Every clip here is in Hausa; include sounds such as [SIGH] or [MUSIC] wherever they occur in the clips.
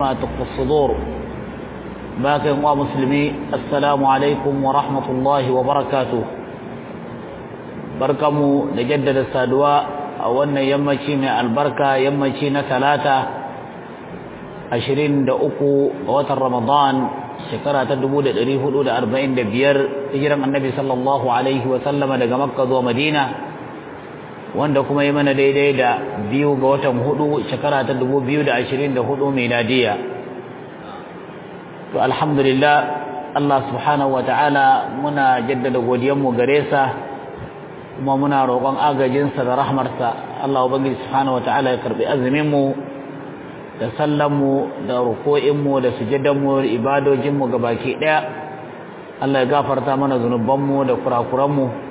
ما تقف الصدور باقي مسلمي السلام عليكم ورحمة الله وبركاته بركم لجدد السادواء أو أن من البركة يمشي ثلاثة عشرين دقو وتر رمضان شكرا تدبود الريف الأولى أربعين دبير هجرا النبي صلى الله عليه وسلم لقمكة ومدينة wanda kuma yi mana daidai da biyu ga watan hudu shekara ta dubu biyu da ashirin da hudu miladiya to alhamdulillah Allah subhanahu wa ta'ala muna jaddada godiyanmu gare sa kuma muna roƙon agajinsa da rahmarsa Allah ubangiji subhanahu wa ta'ala ya karbi azuminmu da sallanmu da ruko'inmu da sujadanmu da ibadojinmu gabaki ɗaya Allah ya gafarta mana zunubanmu da kurakuranmu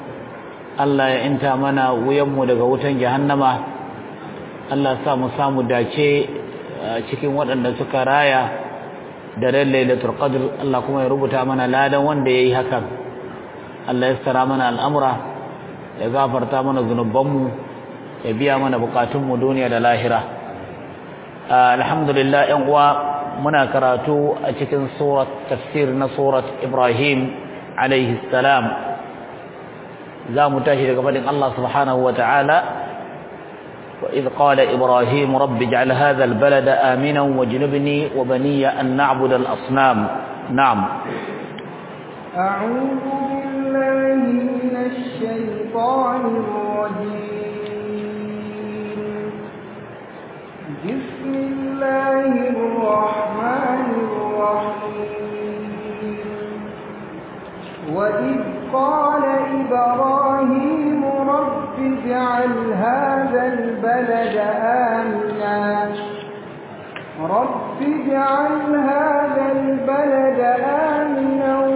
Allah ya inta mana wuyanmu daga wutan jahannama Allah sa mu samu dace cikin waɗanda suka raya da ran lailatul qadr Allah kuma ya rubuta mana ladan wanda yayi hakan Allah ya sara mana al'amura ya gafarta mana zunubanmu ya biya mana mu duniya da lahira alhamdulillah yan uwa muna karatu a cikin surat tafsir na surat Ibrahim alaihi salam za mu tashi daga fadin Allah subhanahu wa ta'ala wa idh qala ibrahim rabbi ij'al hadha albalada aminan wajnubni wa baniya an na'budu al-asnam na'am a'udhu billahi minash shaitanir rajim bismillahir rahmanir rahim wa idh qala إبراهيم رب اجعل هذا البلد آمنا رب اجعل هذا البلد آمنا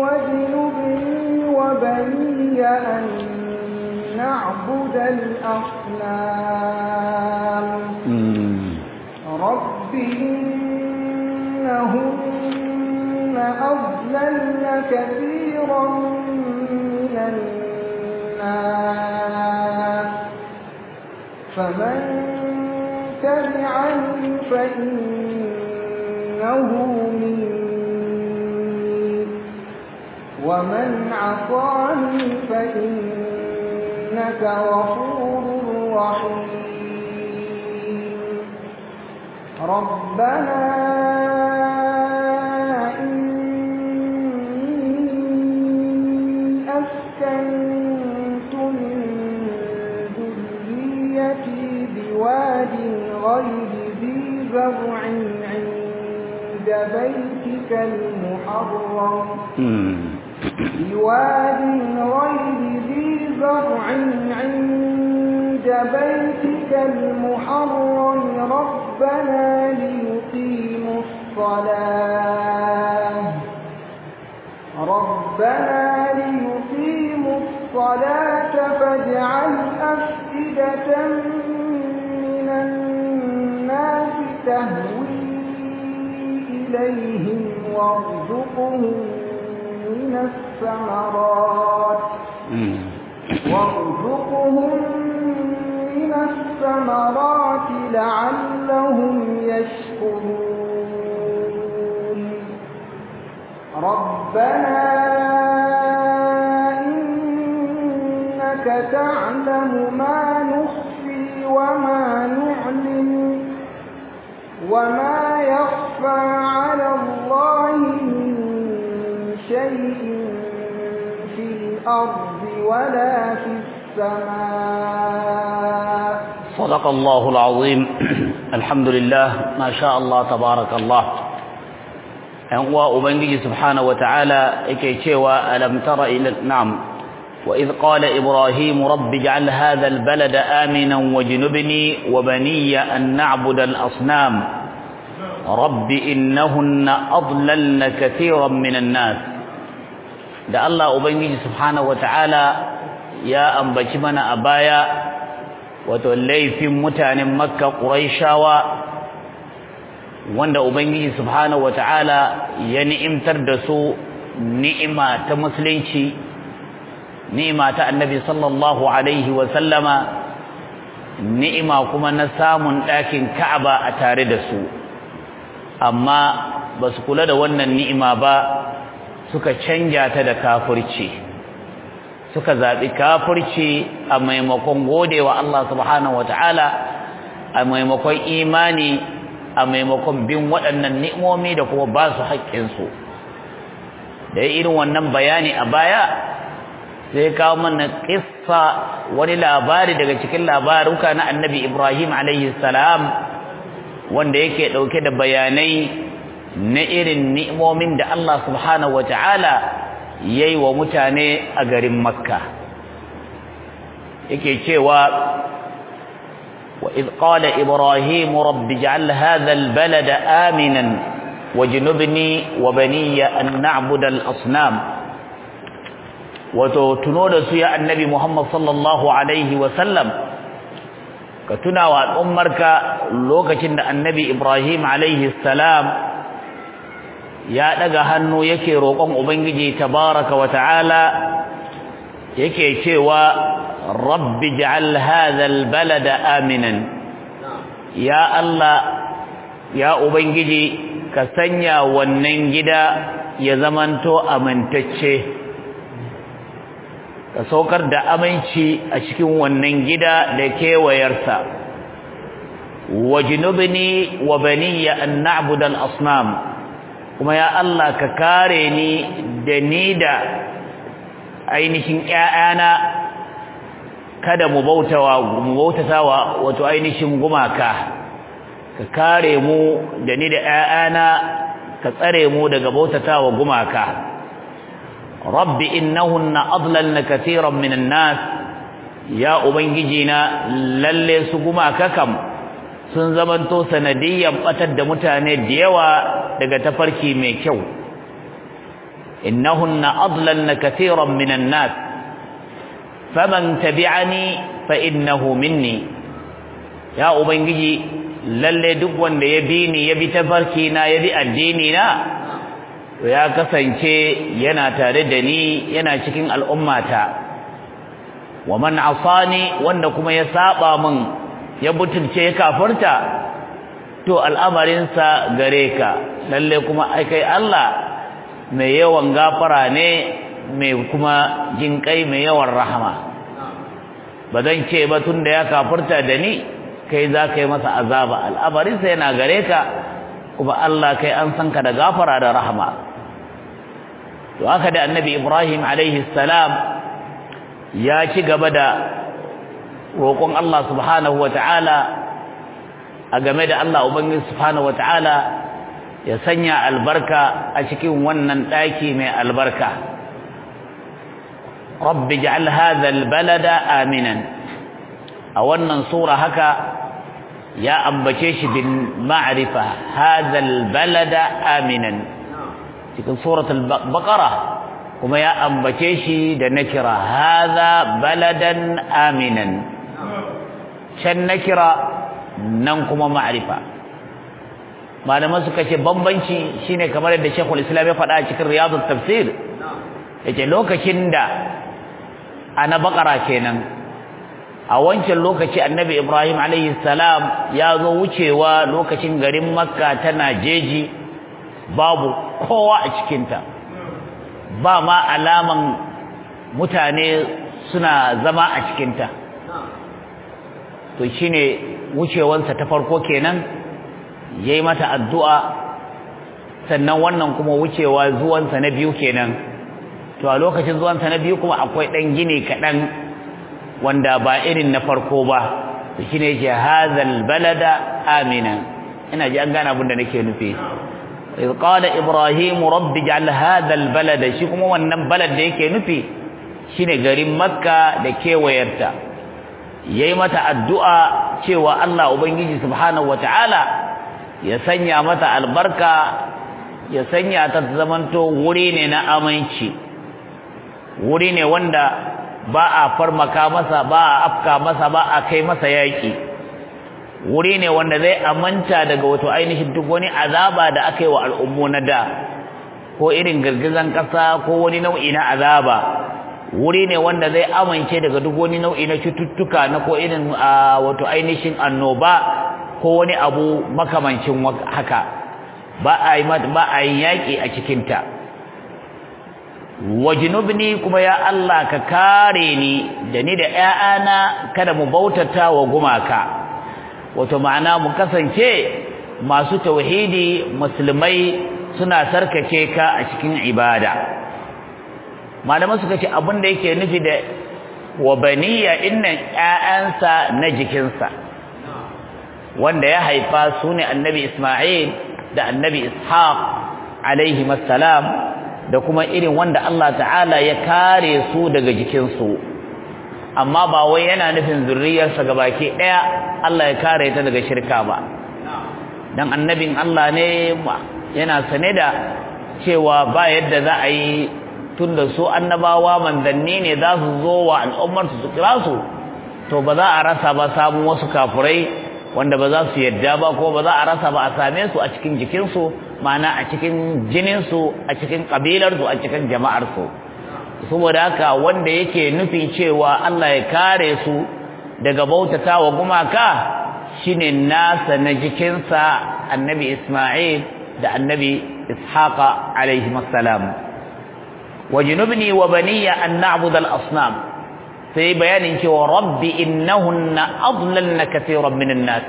واجنبني وبني أن نعبد الأصنام رب إنهن أضللن كثيرا فمن تبعني فإنه مني ومن عصاني فإنك غفور رحيم ربنا عند بيتك المحرم بواد غير ذي زرع عند بيتك المحرم ربنا ليقيموا الصلاة ربنا ليقيموا الصلاة فاجعل أفئدة من الناس تهوي إليهم وارزقهم من الثمرات وارزقهم من الثمرات لعلهم يشكرون ربنا إنك تعلم ما نخفي وما نعلم وما يخفى شيء في الأرض ولا في السماء صدق الله العظيم [CLEARS THROAT] الحمد لله ما شاء الله تبارك الله أنقوى أبنجي سبحانه وتعالى إكي تشيوى ألم تر إلى نعم وإذ قال إبراهيم رب اجعل هذا البلد آمنا وجنبني وبني أن نعبد الأصنام رب إنهن أضللن كثيرا من الناس da Allah ubangiji subhanahu wataala ya ambaci mana a baya wato laifin mutanen makka quraishawa wanda ubangiji subhanahu wataala ya ni'imtar da su ni'ima ta musulunci ni'ima ta annabi sallallahu alaihi wa sallama ni'ima kuma na samun ɗakin ka'aba a tare da su amma ba su kula da wannan ni'ima ba suka canja ta da kafirci suka zaɓi kafirci a maimakon godewa Allah subhanahu wataala a maimakon imani a maimakon bin waɗannan ni'imomi da kuma ba su haƙƙinsu da irin wannan bayani a baya sai kawo mana kissa wani labari daga cikin labaruka na annabi ibrahim alaihi wanda yake ɗauke da bayanai na irin ni'imomin da Allah subhanahu wa ta'ala ya wa mutane a garin makka yake cewa wa id qala ibrahim rabbi ja'al al balada aminan wajnubni wa baniya an na'budu al-asnam wato tuno da su ya annabi Muhammad sallallahu alaihi wa sallam ka tuna wa al'ummarka lokacin da annabi Ibrahim alaihi salam ya daga hannu yake roƙon ubangiji tabaraka wa ta'ala yake cewa rabbi ja'al hadha albalada aminan ya allah ya ubangiji ka sanya wannan gida ya zamanto amintacce ka saukar da aminci a cikin wannan gida da kewayarsa wajnubni wa baniya an na'budu asnam kuma ya Allah ka kare ni da ni da ainihin ƴaƴana kada mu bautawa mu bautatawa wato ainihin gumaka ka kare mu da ni da ƴaƴana ka tsare mu daga bautatawa gumaka rabbi innahunna adlalna katiran minan nas ya ubangiji na lalle su gumaka kam sun zamanto sanadiyan batar da mutane da yawa daga tafarki mai kyau innahunna adlanna katiran minan nas faman tabi'ani fa innahu minni ya ubangiji lalle duk wanda ya bi ni ya bi tafarki na ya bi addini na to ya kasance yana tare da ni yana cikin al'ummata wa man asani wanda kuma ya saba min ya butulce ya kafarta to al'amarinsa gare ka lalle kuma kai Allah mai yawan gafara ne mai kuma jinkai mai yawan rahama ba zan ce ba tun da ya kafurta da ni kai za ka yi masa azaba al'amarinsa yana gare ka kuma Allah kai an san ka da gafara da rahama to haka da annabi Ibrahim alaihi salam ya ci gaba da roƙon Allah subhanahu wa ta'ala a game da Allah Ubangiji subhanahu ta'ala ya sanya albarka a cikin wannan daki mai albarka rabbi ij'al hadha albalada aminan a wannan sura haka ya ambace shi bin ma'rifa hadha albalada aminan cikin suratul baqara kuma ya ambace shi da nakira hadha baladan aminan can nakira nan kuma ma'arifa malaman suka ce bambanci shine kamar yadda Sheikhul Islam ya faɗa a cikin Riyadhut Tafsir yace lokacin da ana bakara kenan a wancan lokaci Annabi Ibrahim alayhi salam ya zo wucewa lokacin garin Makka tana jeji babu kowa a cikinta ba ma alaman mutane suna zama a cikinta to shine wucewansa ta farko kenan yayi mata addu'a sannan wannan kuma wucewa zuwansa na biyu kenan to a lokacin zuwansa na biyu kuma akwai dan gine kadan wanda ba irin na farko ba to shine ce balada amina ina ji an gane abin da nake nufi إذ قال إبراهيم رب اجعل هذا البلد شي kuma wannan balad da yake nufi shine garin Makka da kewayarta yayi mata addu'a cewa Allah ubangiji subhanahu wataala ya sanya mata albarka ya sanya ta zamanto wuri ne na aminci wuri ne wanda ba a farmaka masa ba a afka masa ba a kai masa yaki wuri ne wanda zai amanta daga wato ainihin duk wani azaba da aka wa al'ummu na da ko irin girgizan ƙasa ko wani nau'i na azaba wuri ne wanda zai amince daga duk wani nau'i na cututtuka na ko irin wato ainihin annoba ko wani abu makamancin haka ba a yi ba a yi yaƙi a cikinta wajinubni kuma ya Allah ka kare ni da ni da 'ya'ana kada mu bautata wa gumaka wato ma'ana mu kasance masu tauhidi musulmai suna sarkace ka a cikin ibada malaman suka ce abin da yake nufi da wa baniya innan ƴaƴansa na jikinsa wanda ya haifa su ne annabi Isma'il da annabi Ishaq alaihi da kuma irin wanda Allah ta'ala ya kare su daga jikinsu amma ba wai yana nufin zurriyarsa baki daya Allah ya kare ta daga shirka ba dan annabin Allah ne yana sane da cewa ba yadda za a yi da su annabawa manzanni ne za su zo wa al'ummar su kira su to ba za a rasa ba samun wasu kafurai wanda ba za su yadda ba ko ba za a rasa ba a same su a cikin jikinsu mana a cikin jininsu a cikin ƙabilarsu a cikin jama'arsu saboda haka wanda yake nufin cewa Allah ya kare su daga bautata wa gumaka shine nasa na jikinsa annabi Isma'il da annabi Ishaqa alaihi wajnubni wa baniya an na'budu al-asnam sai bayanin cewa rabbi innahunna adlalna katiran minan nas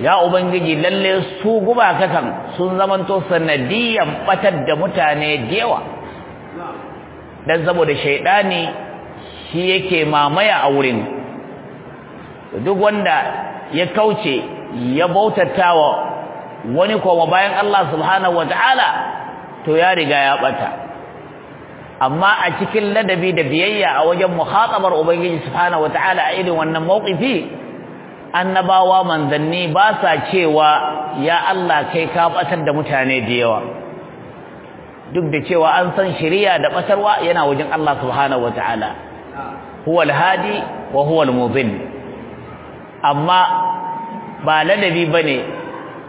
ya ubangiji lalle su guba kakan sun zamanto sanadiyan batar da mutane diyawa. dan saboda shaydani shi yake mamaya a wurin duk wanda ya kauce ya bautatawa wani koma bayan Allah subhanahu wataala to ya riga ya bata amma a cikin ladabi da biyayya a wajen muhatabar ubangiji subhanahu wataala a irin wannan mawqifi annabawa manzanni ba sa cewa ya Allah kai ka batar da mutane da yawa duk da cewa an san shari'a da batarwa yana wajen Allah subhanahu wataala huwal hadi wa huwal mudhin amma ba ladabi bane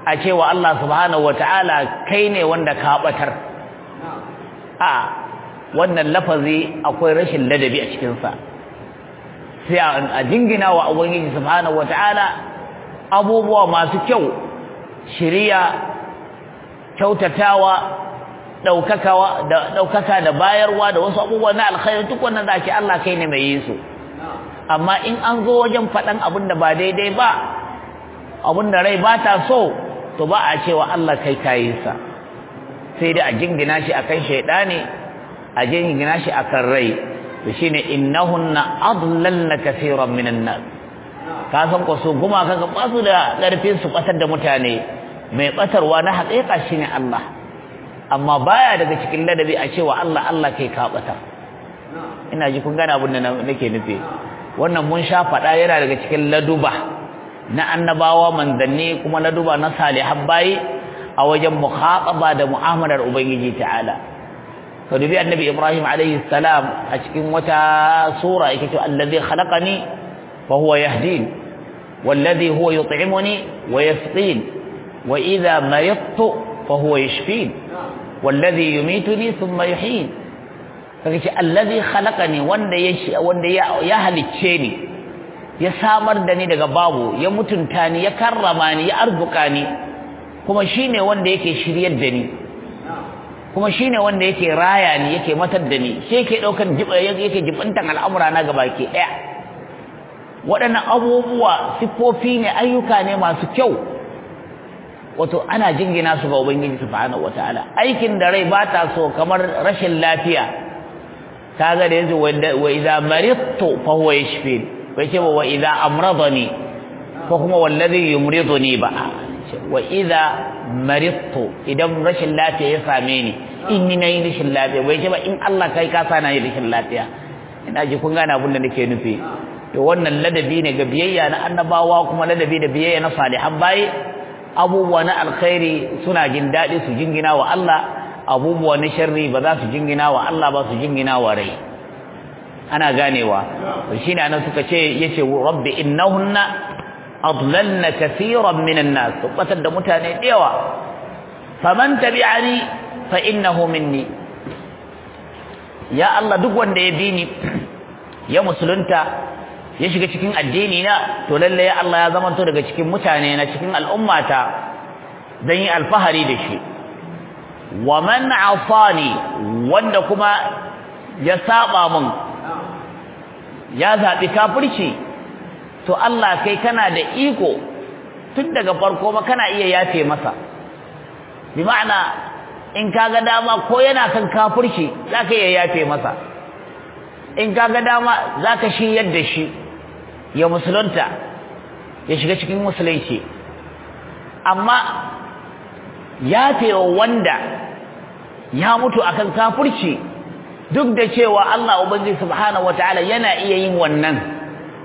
a cewa Allah subhanahu wataala kai ne wanda ka batar wannan lafazi akwai rashin ladabi a cikinsa sai a jingina wa ubangiji subhanahu wataala abubuwa masu kyau shiriya kyautatawa daukakawa da daukaka da bayarwa da wasu abubuwa na alkhairi duk wannan zaki Allah kai ne mai yi su amma in an zo wajen faɗan abin da ba daidai ba abin da rai ba ta so to ba a cewa Allah kai kayi sai dai a jingina shi akan shaidani a jingina shi a kan rai to shine innahunna adlalna kaseeran minan nas ka san ko su guma kaga ba su da karfin su batar da mutane mai batarwa na haƙiƙa shine Allah amma baya daga cikin ladabi a cewa Allah Allah kai ka batar ina ji kun gana abin da nake nufi wannan mun sha faɗa yana daga cikin laduba na annabawa manzanni kuma laduba na salihan bayi a wajen muhaɓaba da mu'amalar ubangiji ta'ala ka dubi annabi ibrahim alaihi a cikin wata sura yake cewa allazi khalaqani fa huwa yahdin wallazi huwa yut'imuni wa yasqin wa idha maridtu fa huwa yashfin wallazi yumituni thumma yuhyin wanda ya wanda ya halicce ni ya samar da ni daga babu ya mutunta ni ya karrama ni ya arzuka ni kuma shine wanda yake shiryar da ni kuma shine wanda yake raya ni yake matar da ni shi yake daukan yake jibantan al'amura na gaba ke daya waɗannan abubuwa siffofi ne ayyuka ne masu kyau wato ana jingina su ga ubangiji subhanahu wataala aikin da rai ba ta so kamar rashin lafiya kaga da yanzu wa idza maridtu fa huwa yashfin bai ce wa idza amradani ko kuma wallazi yumriduni ba wa idza maristu idan rashin lafiya ya same ni in ni nayi rashin lafiya bai ce ba in Allah kai ka sa nayi rashin lafiya ina ji kun gane abin da nake nufi to wannan ladabi ne ga biyayya na annabawa kuma ladabi da biyayya na salihan bayi abubuwa na alkhairi suna jin daɗi su jingina wa Allah abubuwa na sharri ba za su jingina wa Allah ba su jingina wa rai ana ganewa to shine anan suka ce yace rabbi innahunna adlalna kaseeran minan nas batar da mutane da yawa faman tabi'ani fa innahu minni ya Allah duk wanda ya bi ni ya musulunta ya shiga cikin addini na to lalle ya Allah ya zamanto daga cikin mutane na cikin al'ummata dan yi alfahari da shi wa man afani wanda kuma ya saba mun ya zabi kafirci to Allah kai kana da iko tun daga farko ma kana iya yafe masa bi ma'ana in kaga dama ko yana kan kafirci zaka iya yafe masa in kaga dama zaka shi yadda shi ya musulunta ya shiga cikin musulunci amma yafe wanda ya mutu akan kafirci duk da cewa Allah ubangiji subhanahu wataala yana iya yin wannan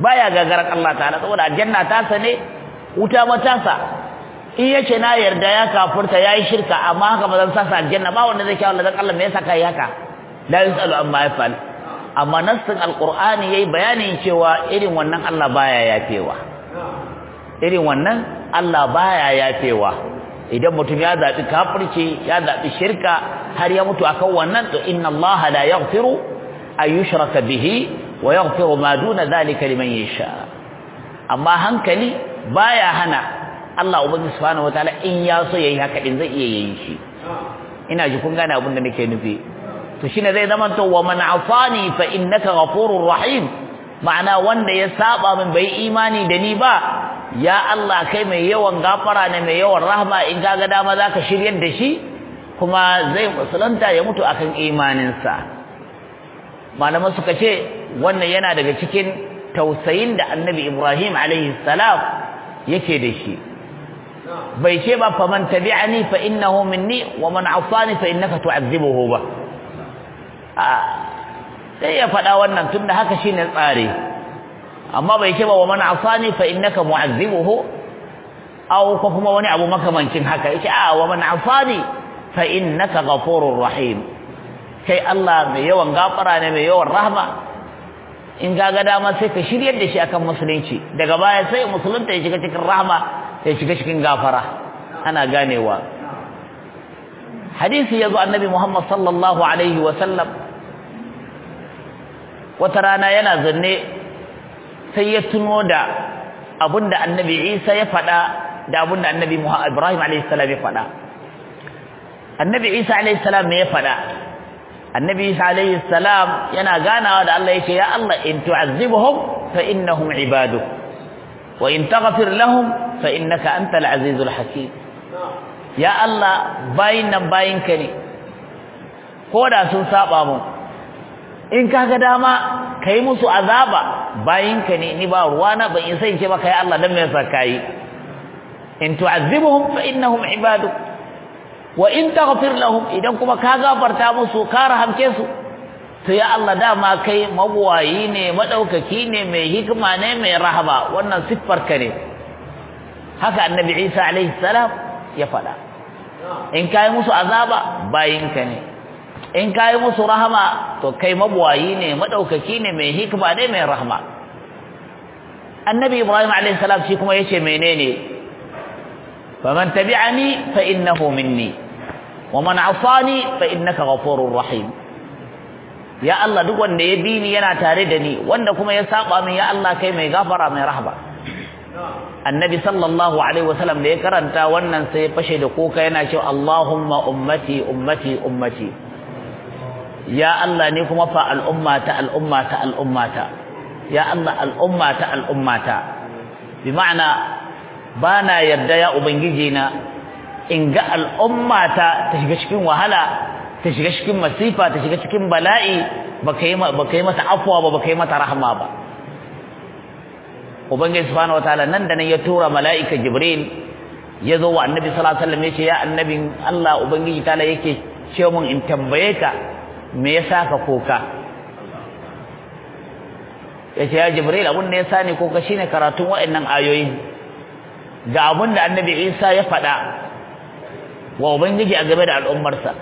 baya gagarar Allah ta'ala saboda aljanna ta sa ne wuta ma ta sa in yace na yarda ya kafurta yayi shirka amma haka ba zan sa aljanna ba wanda zai kawo Allah dan Allah me yasa kai haka la yusalu amma yafal amma nassin alqur'ani yayi bayanin cewa irin wannan Allah baya yafewa irin wannan Allah baya yafewa idan mutum ya zabi kafirci ya zaɓi shirka har ya mutu akan wannan to inna allaha la yaghfiru ayushraka bihi wa yaghfiru ma duna dhalika liman yasha amma hankali baya hana Allah ubangiji subhanahu wataala in ya so yayi haka din zai iya yayin shi ina ji kun gane abin da nake nufi to shine zai zama to wa man afani fa innaka ghafurur rahim ma'ana wanda ya saba min bai imani da ni ba ya Allah kai mai yawan gafara ne mai yawan rahma in kaga dama zaka shiryar da shi kuma zai musulunta ya mutu akan imaninsa malamai suka ce wannan yana daga cikin tausayin da annabi ibrahim alaihi salam yake da shi bai ce ba faman tabi'ani fa innahu minni wa man asani fa innaka tu'azzibuhu ba sai ya faɗa wannan tunda haka shine tsare amma bai ce ba wa man asani fa innaka mu'azzibuhu aw ko kuma wani abu makamancin haka yace a wa man asani fa innaka ghafurur rahim kai Allah mai yawan gafara ne mai yawan rahma in ga dama sai ka shiryar da shi akan musulunci daga baya sai musulunta ya shiga cikin rahama ya shiga cikin gafara ana ganewa hadisi yazo annabi Muhammad sallallahu alaihi wa sallam wata rana yana zanne sai ya tuno da abinda annabi Isa ya faɗa da abinda annabi Ibrahim alaihi salam ya faɗa annabi Isa alaihi salam me ya faɗa annabi alayhi salam yana ganawa da Allah yace ya Allah in tu'azzibuhum fa innahum ibaduk wa in taghfir lahum fa innaka antal azizul hakim ya Allah bayin nan bayinka ne ko da sun saba mu in kaga dama kai musu azaba bayinka ne ni ba ruwana ban isa in ce maka ya Allah dan me yasa kai in tu'azzibuhum fa innahum ibaduk wa in taghfir lahum idan kuma ka gafarta musu ka rahamce su to ya Allah dama kai magwayi ne madaukaki ne mai hikima ne mai rahama wannan siffar ka ne haka annabi Isa alaihi salam ya fada in kai musu azaba bayin ka ne in kai musu rahama to kai magwayi ne madaukaki ne mai hikima ne mai rahama annabi Ibrahim alaihi salam shi kuma yace menene faman tabi'ani fa innahu minni wa man asani fa innaka ghafurur rahim ya Allah duk wanda ya bi ni yana tare da ni wanda kuma ya saba min ya Allah kai mai gafara mai rahaba annabi sallallahu alaihi wasallam da ya karanta wannan sai ya fashe da kuka yana cewa Allahumma ummati ummati ummati ya Allah ne kuma fa al'ummata al'ummata al'ummata ya Allah al'ummata al'ummata bi ma'ana ba na yarda ya ubangiji na in ga al'ummata ta shiga cikin wahala ta shiga cikin masifa ta shiga cikin bala'i baka yi baka yi mata afwa ba baka yi mata rahama ba ubangiji subhanahu wataala nan da nan ya tura mala'ika jibril ya zo wa annabi sallallahu alaihi wasallam ya annabin Allah ubangiji ta'ala yake ce mun in tambaye ka me yasa ka koka ce ya jibril abun da sani ni koka shine karatun wa'annan ayoyin ga abin da annabi isa ya faɗa wa ubangiji a game da al'ummarsa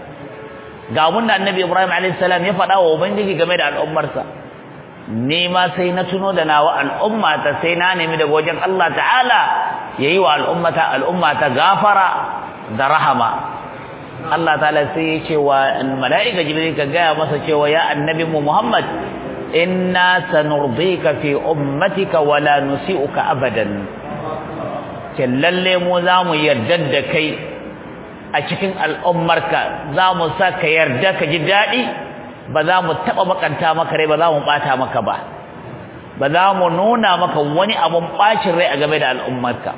ga abin da annabi ibrahim alaihissalam ya faɗa wa ubangiji game da al'ummarsa ni ma sai na tuno da nawa al'ummata sai na nemi daga wajen allah ta'ala ya yi wa al'ummata al'ummata gafara da rahama allah ta'ala sai ya ce wa mala'ika jibril ka gaya masa cewa ya annabi mu muhammad inna sanurdika fi ummatika wala nusi'uka abadan ce lalle mu za mu yarda da kai a cikin al'ummarka za mu sa ka yarda ka ji daɗi ba za mu taɓa makanta maka rai ba za mu ɓata maka ba ba za mu nuna maka wani abun ɓacin rai a game da al'ummarka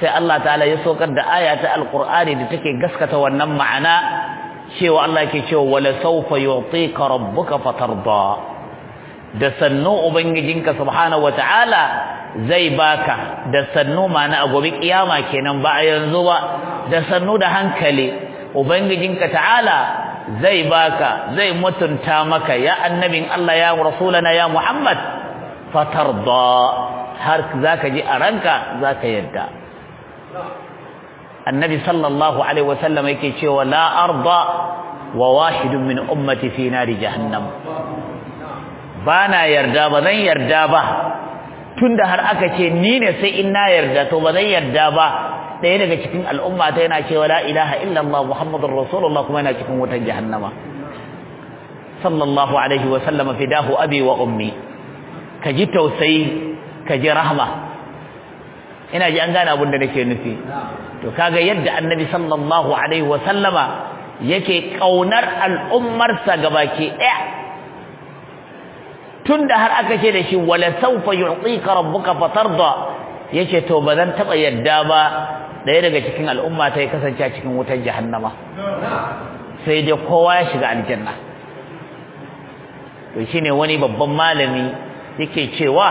sai Allah ta'ala ya sokar da aya ta alƙur'ani da take gaskata wannan ma'ana cewa Allah ke cewa wala sawfa yu'tika rabbuka fatarda da sannu ubangijinka subhanahu ta'ala. zai baka da sannu mana a gobe kiyama kenan ba a yanzu ba da sannu da hankali ubangijinka ta'ala zai baka zai mutunta maka ya annabin Allah ya rasulana ya Muhammad fatarda har zaka ji a ranka zaka yadda annabi sallallahu alaihi wasallam yake cewa la arda wa wahidun min ummati fi nari jahannam bana yarda ba zan yarda ba tunda har aka ce ni ne sai in na yarda to ba zan yarda ba ɗaya daga cikin al'umma ta yana cewa la ilaha illallah muhammadur rasulullah kuma yana cikin wutar jahannama sallallahu alaihi wa sallama fidahu abi wa ummi ka ji tausayi ka ji rahma ina ji an gane abin da nake nufi to kaga yadda annabi sallallahu alaihi wa sallama yake kaunar al'ummarsa gabaki ɗaya tun da har aka ce da shi wala sawfa yu'tika rabbuka ya ce to ba zan taba yadda ba ɗaya daga cikin al'umma ta ya kasance a cikin wutar jahannama sai dai kowa ya shiga aljanna to shine wani babban malami yake cewa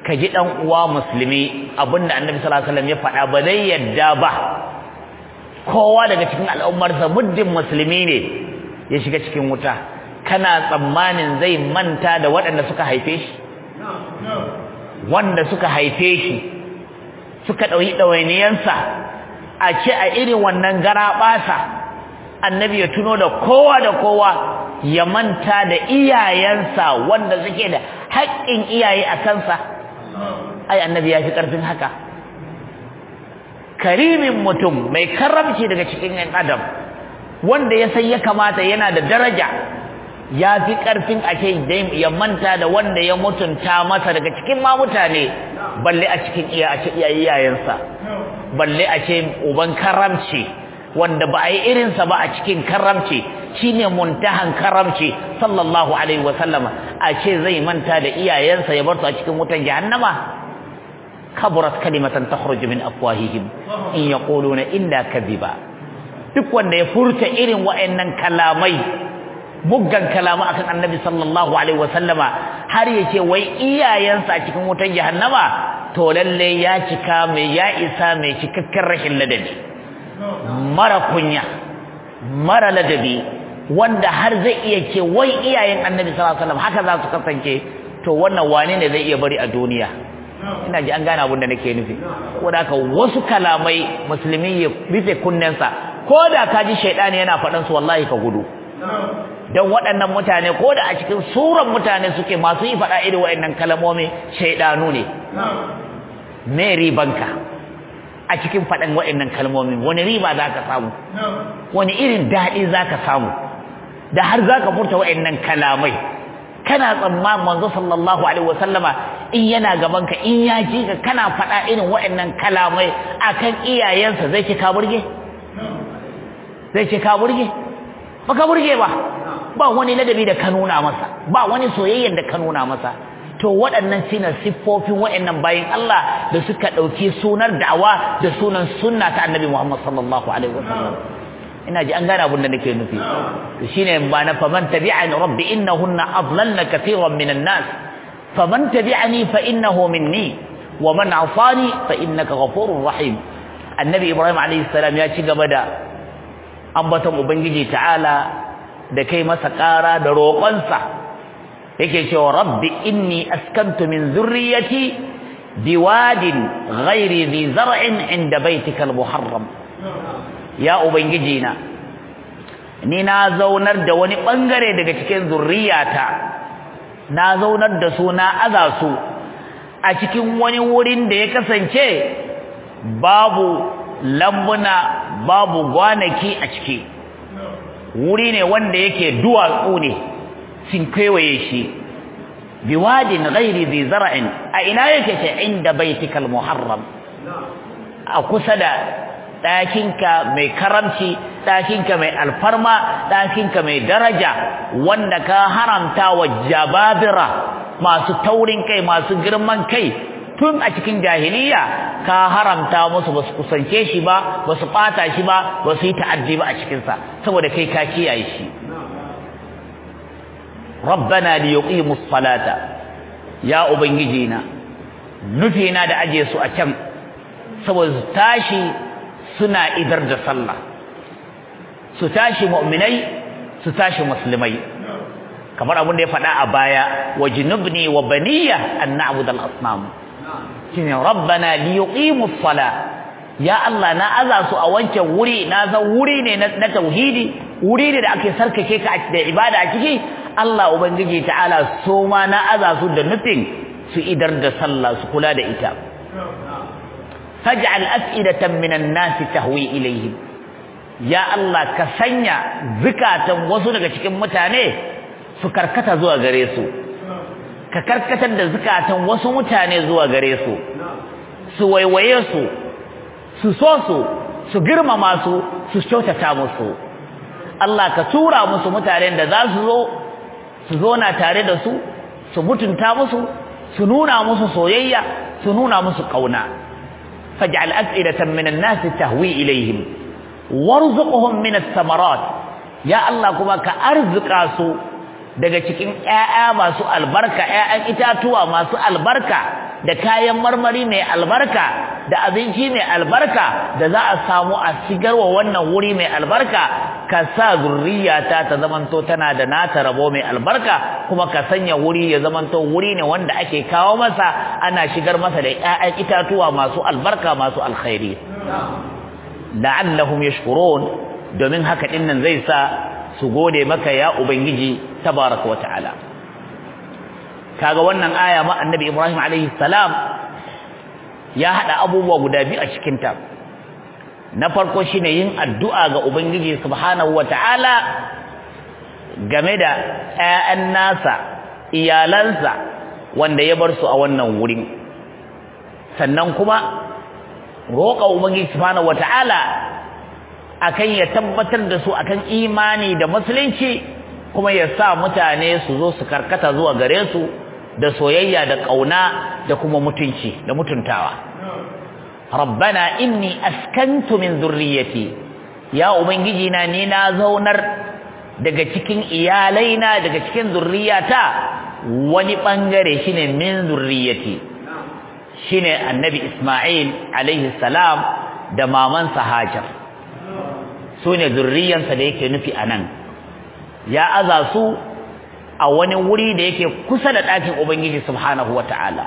ka ji uwa musulmi abinda annabi sallallahu alaihi wasallam ya faɗa ba zai yadda ba kowa daga cikin al'ummarsa muddin musulmi ne ya shiga cikin wuta kana tsammanin zai manta da waɗanda suka haife shi wanda suka haife shi suka ɗauki ɗawainiyansa a ce a irin wannan garaɓasa annabi ya tuno da kowa da kowa ya manta da iyayensa wanda suke da haƙƙin iyaye a kansa ai annabi ya fi ƙarfin haka karimin mutum mai karamci daga cikin ɗan adam wanda ya san ya kamata yana da daraja ya fi ƙarfin ake ya manta da wanda ya mutunta masa daga cikin ma mutane balle a cikin iyayensa balle a ce uban karamci wanda ba a yi irinsa ba a cikin karamci shine muntahan karamci sallallahu alaihi wasallama a ce zai manta da iyayensa ya bar su a cikin wutan jahannama kaburat kalimatan takhruju min afwahihim in ya ka bi ba. duk wanda ya furta irin wa'annan kalamai muggan kalama akan annabi sallallahu alaihi wasallama har yake wai iyayensa a cikin wutar jahannama to lalle ya cika mai ya isa mai cikakken rashin ladabi mara kunya mara ladabi wanda har zai iya ce wai iyayen annabi sallallahu alaihi wasallam haka za su kasance to wannan wane ne zai iya bari a duniya ina ji an gane abin da nake nufi saboda ka wasu kalamai musulmi ya rufe kunnensa ko da ka ji shaidani yana faɗan su wallahi ka gudu don waɗannan mutane ko da a cikin suran mutane suke masu yi faɗa irin waɗannan kalamomi shaidanu ne me ribanka a cikin faɗan waɗannan kalmomi wani riba za ka samu wani irin daɗi za ka samu da har za ka furta waɗannan kalamai kana tsamma manzo sallallahu alaihi wasallama in yana gaban ka in ya ji ka kana faɗa irin waɗannan kalamai akan iyayensa zai ce ka burge zai ce ka burge baka burge ba ba wani ladabi da ka nuna masa ba wani soyayyen da ka nuna masa to waɗannan shine siffofin waɗannan bayin Allah da suka ɗauki sunar da'awa da sunan sunna ta annabi Muhammad sallallahu alaihi wasallam ina ji an gane abin da nake nufi to shine ba na faman tabi'ani rabbi innahunna adlalna katiran minan nas faman tabi'ani fa innahu minni wa man asani fa innaka ghafurur rahim annabi Ibrahim alaihi salam ya ci gaba da ambatan ubangiji ta'ala da kai masa ƙara da roƙonsa yake cewa rabbi inni askantu min zurriyati biwadin ghairi dhi zar'in inda baitika al-muharram ya ubangiji na ni na zaunar da wani bangare daga cikin zurriyata na zaunar da su na aza a cikin wani wurin da ya kasance babu lambuna babu gwanaki a ciki wuri ne wanda yake duwatsu ne sun kewaye shi biwadin ghairi zai zara'in a ina yake ce inda baitikal muharram a kusa da ɗakinka mai karamci ɗakinka mai alfarma ɗakinka mai daraja wanda ka haramta wa jababira masu taurin kai masu girman kai tun a cikin jahiliya ka haramta musu basu kusance shi ba basu bata shi ba basu yi ta'addi ba a cikin sa saboda kai ka kiyaye shi rabbana liyuqimus salata ya ubangiji na nufi na da aje su a can saboda tashi suna idar da sallah su tashi mu'minai su tashi musulmai kamar abin da ya faɗa a baya wajinubni wa baniya an na'budal asnam shine rabbana liyuqimu as ya Allah na aza su a wancan wuri na wuri ne na tauhidi wuri ne da ake sarkake ka da ibada a ciki Allah ubangiji ta'ala so ma na aza su da nufin su idar da sallah su kula da ita faj'al af'idatan minan nas tahwi ilayhim ya Allah ka sanya zukatan wasu daga cikin mutane su karkata zuwa gare su ka karkatar da zukatan wasu mutane zuwa gare su su waiwaye su su so su su girmama su su kyautata musu Allah ka tura musu mutanen da za su zo su zo na tare da su su mutunta musu su nuna musu soyayya su nuna musu kauna faj'al af'idatan minan nasi tahwi ilayhim warzuqhum min ath-thamarat ya Allah kuma ka arzuka su daga cikin ƴaƴa masu albarka ƴaƴan itatuwa masu albarka da kayan marmari mai albarka da abinci mai albarka da za a samu a shigarwa wannan wuri mai albarka ka sa zurriyata ta zamanto tana da nata rabo mai albarka kuma ka sanya wuri ya zamanto wuri ne wanda ake kawo masa ana shigar masa da ƴaƴan itatuwa masu albarka masu alkhairi la'allahum yashkurun domin haka dinnan zai sa su gode maka ya ubangiji tabaraka wa kaga wannan aya ma annabi ibrahim alaihi salam ya hada abubuwa guda biyu a cikin ta na farko shine yin addu'a ga ubangiji subhanahu game da ƴaƴan nasa iyalansa wanda ya bar su a wannan wurin sannan kuma roƙa ubangiji subhanahu akan ya tabbatar da su akan imani da musulunci kuma ya sa mutane su zo su karkata zuwa gare su da soyayya da kauna da kuma mutunci da mutuntawa rabbana inni askantu min zurriyyati ya ubangiji na ni na zaunar daga cikin iyalaina daga cikin zurriyata wani bangare shine min zurriyyati shine annabi isma'il alaihi salam da maman hajar su ne zurriyansa da yake nufi a nan ya aza su a wani wuri da yake kusa da ɗakin ubangiji subhanahu wa ta'ala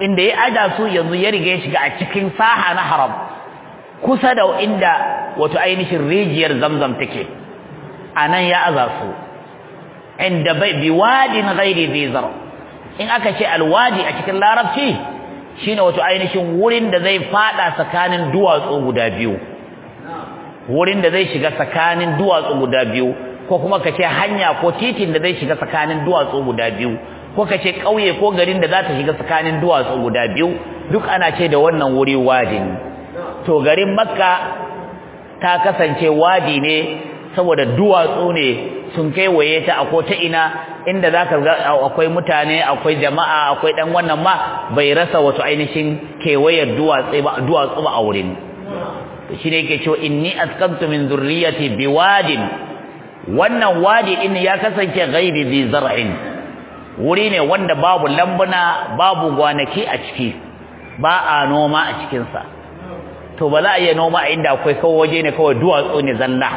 inda ya aza su yanzu ya riga ya shiga a cikin saha na haram kusa da inda wato ainihin rijiyar zamzam take a nan ya aza su inda bai biwadin ghairi bizar in aka ce alwadi a cikin larabci shine wato ainihin wurin da zai fada tsakanin duwatsu guda biyu wurin da zai shiga tsakanin duwatsu guda biyu ko kuma ka ce hanya ko titin da zai shiga tsakanin duwatsu guda biyu ko ka ce ƙauye ko garin da za ta shiga tsakanin duwatsu guda biyu duk ana ce da wannan wuri wadi ne to garin makka ta kasance wadi ne saboda duwatsu ne sun waye ta a ko ta ina inda za ka akwai mutane akwai jama'a akwai dan wannan ma bai rasa wasu ainihin kewayar duwatsu ba a wurin shi ne yake cewa inni askantu min zurriyati biwadin wannan wadi din ya kasance ghairi zi zar'in wuri ne wanda babu lambuna babu gwanaki a ciki ba a noma a cikin sa to ba za a iya noma a inda akwai kawo waje ne kawai duwatsu ne zalla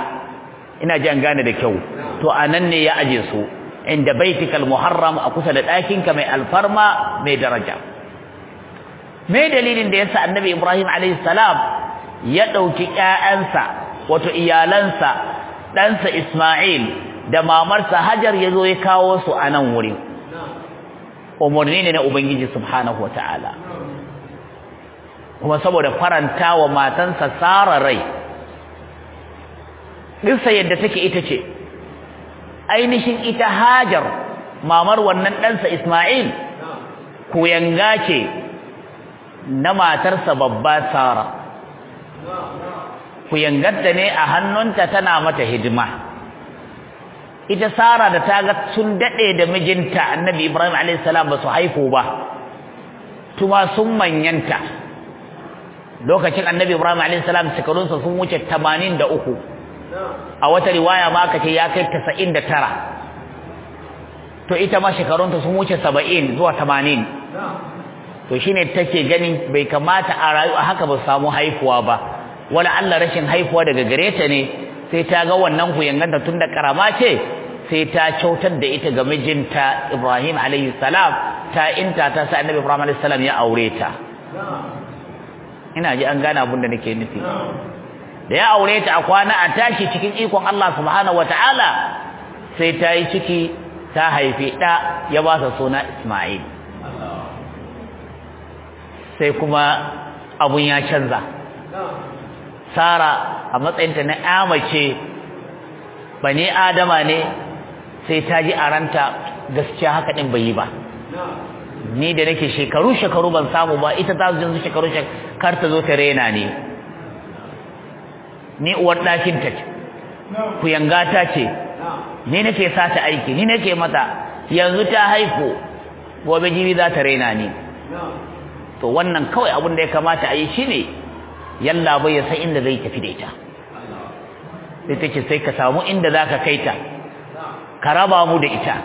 ina jan gane da kyau to anan ne ya aje su inda baitikal muharram a kusa da ɗakinka mai alfarma mai daraja me dalilin da yasa annabi ibrahim alayhi salam ya ɗauki ƴaƴansa wato iyalansa ɗansa Isma'il da mamarsa Hajar ya zo ya kawo su a nan wurin umurni ne na ubangiji subhanahu wataala kuma saboda faranta wa matansa Sara rai dinsa yadda take ita ce ainihin ita Hajar mamar wannan ɗansa Isma'il yanga ce na matarsa babba Sara ku yangatta ne a hannunta tana mata hidima ita sara da ta ga sun dade da mijinta annabi ibrahim alayhi salam ba su haihu ba tuma sun manyanta lokacin annabi ibrahim alayhi salam shekarunsa sun wuce 83 a wata riwaya ma aka ce ya kai 99 to ita ma shekarunta sun wuce 70 zuwa 80 to shine take gani bai kamata a rayu a haka ba samu haifuwa ba wala Allah rashin haifuwa daga gareta ne sai ta ga wannan kuyanganta tun da karama ce sai ta kyautar da ita ga mijinta Ibrahim alaihi salam ta inta ta sai Annabi Ibrahim alaihi salam ya aure ta ina ji an gane abin da nake nufi da ya aure ta a kwana a tashi cikin ikon Allah subhanahu wataala sai ta yi ciki ta haifi ɗa ya ba sa suna Ismail sai kuma abun ya canza sara a matsayinta na ya mace bane adama ne sai ta ji a ranta gaskiya haka ɗin bai yi ba ni da nake shekaru shekaru ban samu ba ita ta zo shekaru shekaru kar ta zo ta rena ne ni uwar ɗakin ce ku yanga ta ce ni nake sa ta aiki ni nake mata yanzu ta haihu gobe jibi za ta rena ni to wannan kawai abin da ya kamata a yi shi ne. yalla bai ya san inda zai tafi da ita sai take sai ka samu inda zaka kai ta ka raba mu da ita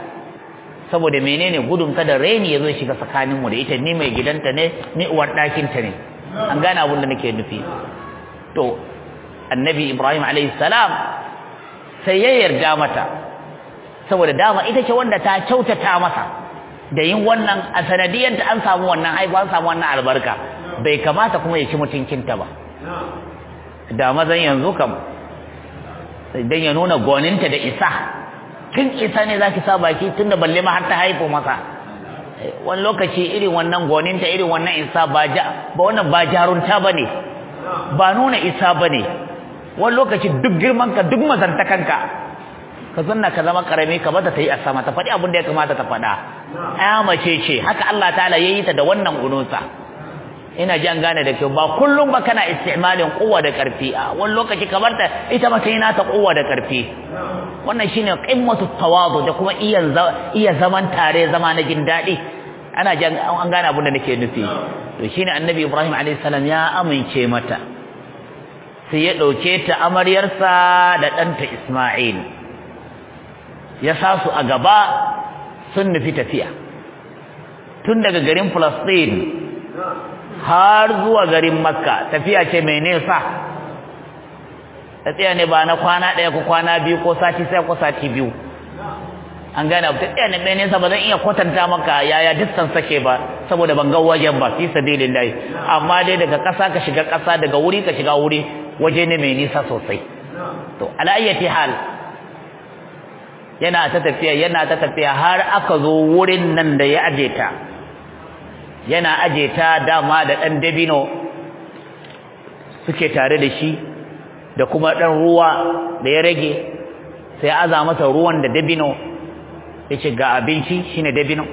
saboda menene gudun kada raini ya zo shiga tsakanin mu da ita ni mai gidanta ne ni uwar ta ne an gane abin da nake nufi to annabi ibrahim alayhi salam sai ya yarda mata saboda dama ita ce wanda ta kyautata masa da yin wannan a sanadiyar an samu wannan haihuwa an samu wannan albarka bai kamata kuma ya ci mutuncinta ba da mazan yanzu kam dan ya nuna goninta da isa tun isa ne zaki sa baki tunda balle ma har ta haifo masa wani lokaci irin wannan goninta irin wannan isa ba ja ba wannan ba jarunta bane ba nuna isa bane wani lokaci duk girman ka duk mazantakanka ka zanna ka zama karami ka bata tayi asama ta faɗi abin da ya kamata ta faɗa aya mace ce haka Allah ta'ala yayi ta da wannan gunonsa ina ji an gane da kyau ba kullum ba kana istimalin kowa da karfi a wani lokaci kamar ta ita ba sai nata kuwa da karfi wannan shine qimmatu tawadu da kuma iya iya zaman tare zama na jin dadi ana ji an gane abin da nake nufi to shine annabi Ibrahim alayhi salam ya amince mata sai ya dauke ta amaryarsa da danta Isma'il ya sa su a gaba sun nufi tafiya tun daga garin Palestine har zuwa garin makka tafiya ce mai nesa tafiya ne ba na kwana ɗaya ko kwana biyu ko sati sai ko sati biyu an gane abu tafiya ne mai nesa ba zan iya kwatanta maka yaya dukkan sake ba saboda ban ga wajen ba fi sabilillahi amma dai daga ƙasa ka shiga ƙasa daga wuri ka shiga wuri waje ne mai nisa sosai to Alayyati hal yana ta tafiya yana ta tafiya har aka zo wurin nan da ya aje ta yana aje ta dama da ɗan dabino suke tare da shi da kuma ɗan ruwa da ya rage sai aza masa ruwan da dabino ya ce ga abinci shine dabino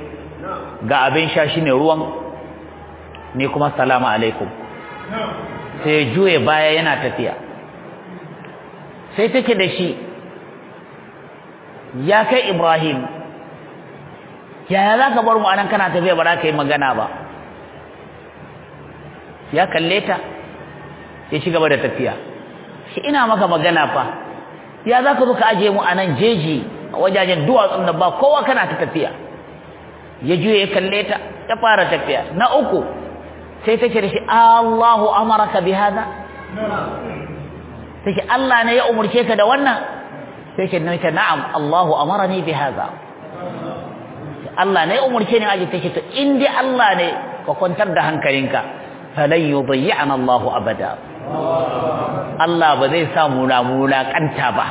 ga abin sha shine ruwan ni kuma assalamu alaikum sai ya juye baya yana tafiya sai take da shi ya kai ibrahim ya za ka bar mu anan kana tafiya ba za ka yi magana ba ya kalle ta ya ci gaba da tafiya shi ina maka magana fa ya za ka zo ka aje mu a nan jeji a wajajen duwatsun da ba kowa kana ta tafiya ya juya ya kalle ta ya fara tafiya na uku sai ta ce da shi Allahu amaraka bi hada sai Allah ne ya umurce ka da wannan sai ce nace na'am Allahu amarani bi hada Allah ne ya umurce ni aje take to in Allah ne ka kwantar da hankalinka falan yudhi'ana Allahu abada Allah ba zai sa mu ramula kanta ba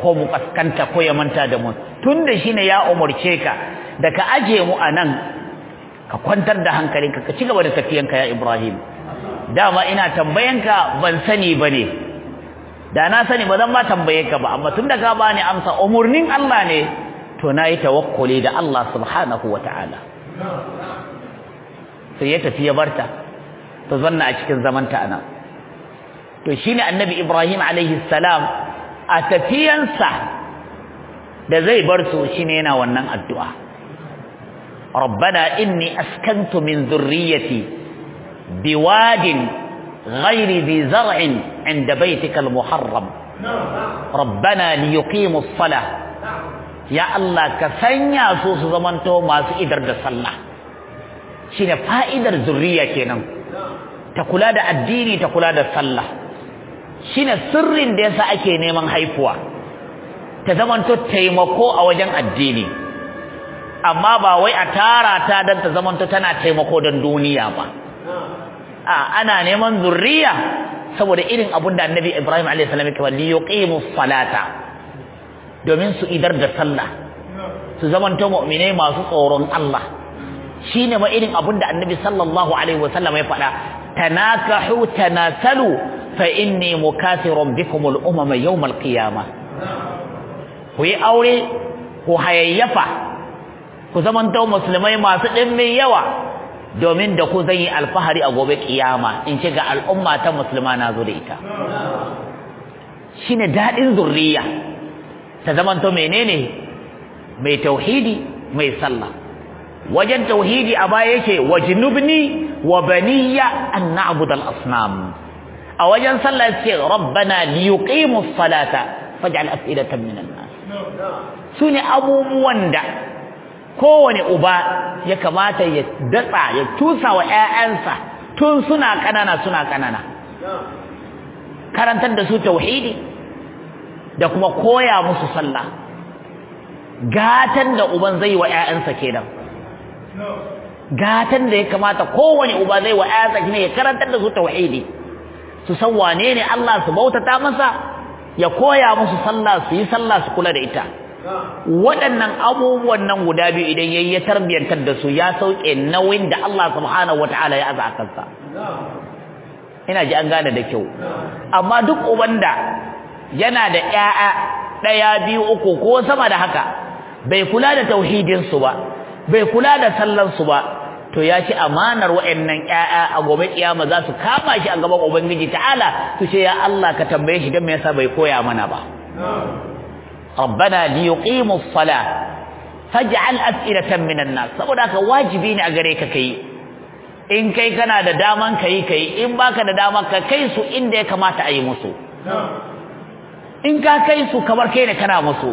ko mu kaskanta ko ya manta da mu tunda shine ya umurce ka da ka aje mu anan ka kwantar da hankalinka ka cigaba da tafiyanka ya Ibrahim dama ina tambayanka ban sani bane da na sani ba zan ba tambaye ka ba amma tunda ka bani amsa umurnin Allah ne to nayi tawakkuli da Allah subhanahu wataala sai ya tafi ya barta ta zanna a cikin zamanta anan to shine annabi ibrahim alaihi salam a tafiyansa da zai bar su shine yana wannan addu'a rabbana inni askantu min zurriyyati biwadin ghairi bi zar'in 'inda baytikal muharram rabbana liyuqimu as-salah ya allah ka sanya su su zamanto masu idar da sallah shine fa'idar zurriya kenan ta kula da addini ta kula da sallah shine sirrin da yasa ake neman haifuwa ta zamanto taimako a wajen addini amma ba wai a tara ta dan ta zamanto tana taimako don duniya ba a ana neman zurriya saboda irin abun da annabi ibrahim alayhi salam yake wali yuqimu salata domin su idar da sallah su zamanto mu'mine masu tsoron Allah shine ma irin abun da annabi sallallahu alaihi wasallam ya faɗa tanakahu tanasalu fa inni mukathirun bikum al-umama yawm al-qiyamah ku yi aure ku hayayyafa ku zamanto musulmai masu mai yawa domin da ku zan yi alfahari a gobe kiyama in ce ga al'umma ta musulma na zo da ita shine dadin zurriya ta zamanto menene mai tauhidi mai sallah wajen tauhidi a baya yake wajnubni wa baniya an na'budu al-asnam a wajen sallah yake rabbana liyuqimu as-salata faj'al af'idatan min an-nas sune abubuwan da kowane uba ya kamata ya datsa ya tusa wa ƴaƴansa tun suna kanana suna kanana karantar da su tauhidi da kuma koya musu sallah gatan da uban zai wa ƴaƴansa kenan gatan da ya kamata kowane uba zai wa ayata ne ya karanta da su tauhidi su san wane ne Allah su bautata masa ya koya musu sallah su yi sallah su kula da ita waɗannan abubuwan nan guda biyu idan yayi ya tarbiyantar da su ya sauke nauyin da Allah subhanahu wataala ya aza kansa ina ji an gane da kyau amma duk uban da yana da ƴaƴa ɗaya biyu uku ko sama da haka bai kula da tauhidin su ba bai kula da sallar su ba to ya ci amanar wa'annan ƴaƴa a gobe kiyama za su kama shi a gaban ubangiji ta'ala su ce ya Allah ka tambaye shi dan me yasa bai koya mana ba rabbana liyuqimu as-salah faj'al as'ilatan minan nas saboda haka wajibi ne a gare ka kai in kai kana da daman kai kai in baka da daman ka kai su inda ya kamata a yi musu in ka kai su kamar kai ne kana musu